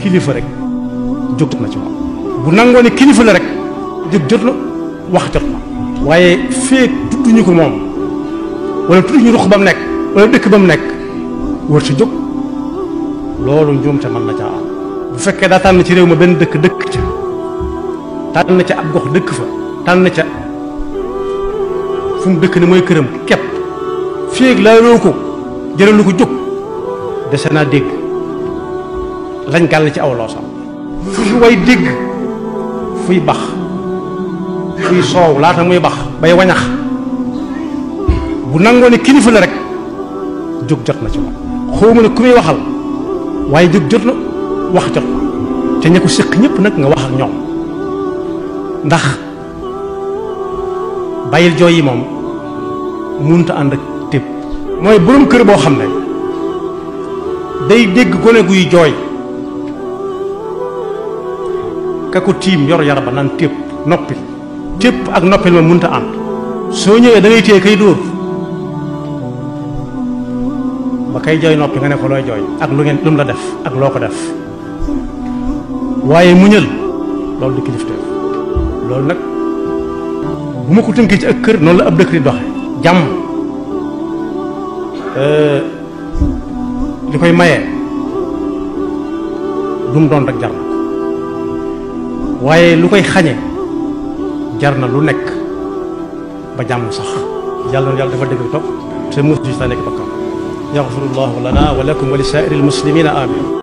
kilifa rek jóg jot na ci moom bu nangoo ne kilifa la rek jóg jot na wax jot na waaye feek tudduñu ko moom wala tudduñu ruq ba mu nekk wala dëkk ba mu nekk wër sa jóg loolu njuumte man na caa am bu fekkee daa tànn ci réew ma benn dëkk dëkk ca tànn ca ab gox dëkk fa tànn ca fu dëkk ne mooy këram képp feeg laa loo ko jëralu ko jóg dese naa dégg lañ gàll ci aw loosam fu fi way dégg fuy bax fuy soow laata muy bax bay wañax bu nangoo ne kilifa la rek jóg jot na ci moom xaw ne ku muy waxal waaye jóg jot na wax jot na te ña ko séq ñëpp nag nga wax ak ñoom ndax bàyyil jooy yi moom munta ànd ak tépp mooy borom kër boo xam ne day dégg gone guy jooy kaku tim yor yara banan tip nopil tip ak nopil ma munta am so ñewé da ngay téye kay dóor ba kay joy noppi nga ne ko loy joy ak lu ngeen lum la def ak loko def def mu ñël loolu di kilifteef loolu nak bu mako ko ci ak kër non la ab dekk euh, maye dum don rek jarna waye lu koy xagne jarna lu nek ba jam sax yàlla yàlla dafa deug top te mos ji sa bakam ya rasulullah lana wa lakum wa lisairil muslimina amin